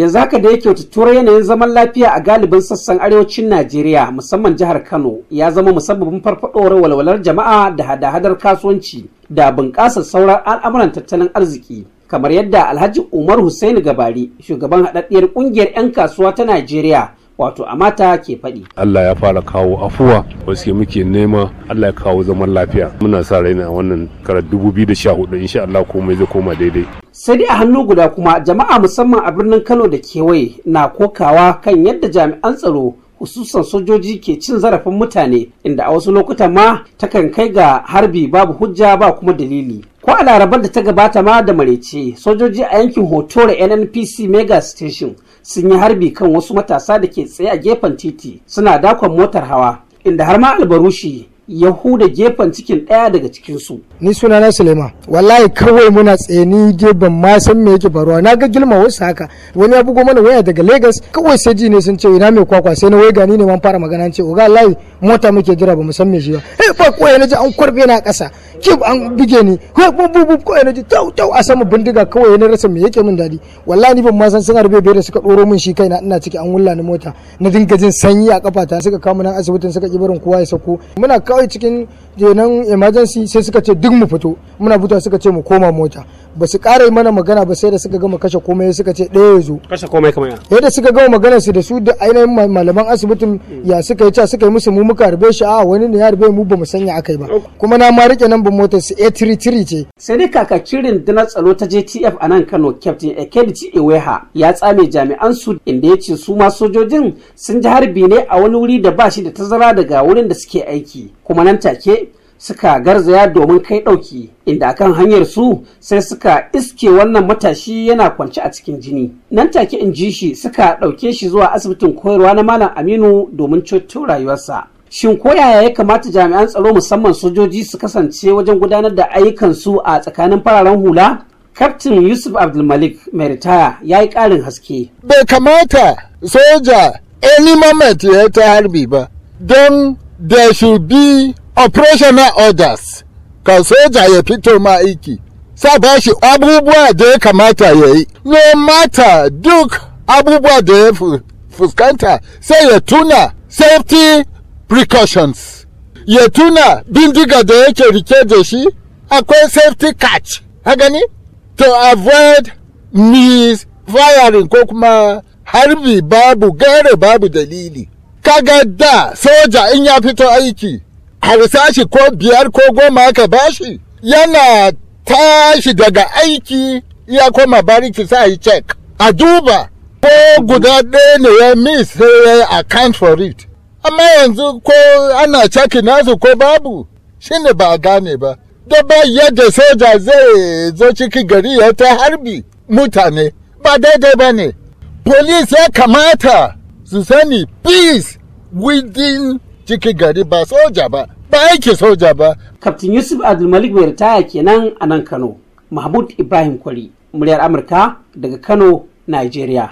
yanzu haka da ya kyautatuwar yanayin zaman lafiya a galibin sassan arewacin najeriya musamman jihar kano ya zama musabbabin farfadowar walwalar jama'a da hada-hadar kasuwanci da bunƙasar sauran al'amuran tattalin arziki kamar yadda alhaji umar hussaini gabari shugaban haɗaɗɗiyar ƙungiyar 'yan kasuwa ta najeriya wato a mata ke faɗi. Allah ya fara kawo afuwa wasu muke nema Allah ya kawo zaman lafiya muna sa raina wannan karar 2014 insha Allah komai zai koma daidai. Sai dai a hannu guda kuma jama'a musamman a birnin Kano da kewaye na kokawa kan yadda jami'an tsaro hususan sojoji ke cin zarafin mutane inda a wasu lokutan ma takan kai ga harbi babu hujja ba kuma dalili. ko a larabar da ta gabata ma da marece sojoji a yankin hoto da nnpc mega station sun yi harbi kan wasu matasa da ke tsaye a gefen titi suna dakon motar hawa inda har ma albarushi ya huda gefen cikin ɗaya daga cikinsu. Ni suna na Sulema, wallahi kawai muna tsaye ni gefen ma san me yake faruwa na ga gilma wasu haka wani ya bugo mana waya daga legas kawai sai ji ne sun ce ina mai kwakwa sai na wai gani ne man fara magana ce oga wallahi mota muke jira ba mu san me shi ba. Eh ba koyi na ji an kwarbe na ƙasa kib an bige ni ko bu ko yana ji tau tau a sama bindiga kawai na rasa me yake min dadi wallahi ni ban ma san sun harbe da suka doro min shi kaina ina ciki an wulla ni mota na dinga jin sanyi a kafata suka kama nan asibitin suka kibarin kowa ya sako muna kawai cikin kenan emergency sai suka ce duk mu fito muna fitowa suka ce mu koma mota ba su ƙara yi mana magana ba sai da suka gama kashe komai suka ce ɗaya ya zo kashe komai kamar yadda suka gama magana su da su da ainihin malaman asibitin ya suka yi ca suka yi musu mu muka harbe shi a wani ne ya harbe mu ba mu sanya akai ba kuma na ma rike nan ba motar su A33 ce sai dai kakakin dana tsaro ta JTF a nan Kano Captain Ekedici Eweha ya tsame jami'an su inda ya ce su ma sojojin sun ji harbi ne a wani wuri da ba shi da tazara daga wurin da suke aiki kuma nan take suka garzaya domin kai ɗauki inda akan hanyar su sai suka iske wannan matashi yana kwance a cikin jini nan take in ji shi suka ɗauke shi zuwa asibitin koyarwa na malam aminu domin ceto rayuwarsa shin koyaya ya kamata jami'an tsaro musamman sojoji su kasance wajen gudanar da ayyukansu a tsakanin fararen hula kaftin yusuf abdulmalik mai ritaya ya yi ƙarin haske bai kamata soja any ya ta harbi ba don there should be operational orders ka soja ya fito ma aiki sa ba shi abubuwa da ya kamata ya yi no mata duk abubuwa da ya fuskanta sai ya tuna safety precautions ya tuna bindiga da yake rike da shi akwai safety catch ha to avoid mis firing ko kuma harbi babu gare babu dalili kaga da soja in ya fito aiki hausa shi ko biyar ko goma aka bashi yana tashi daga aiki ya koma bariki sa yi cek a duba ko guda ɗaya ne ya miss sai ya yi account for it amma yanzu ko ana caki nasu ko babu shine ba gane ba da ba yadda soja zai zo ciki gari ya ta harbi mutane ba daidai ba ne polis ya kamata su sani peace within cikin gari ba soja ba ba aiki soja ba. Kaftin Yusuf Abdulmalik mai ritaya kenan a nan Kano. Mahmud Ibrahim Kwari, muryar Amurka daga Kano, Nigeria.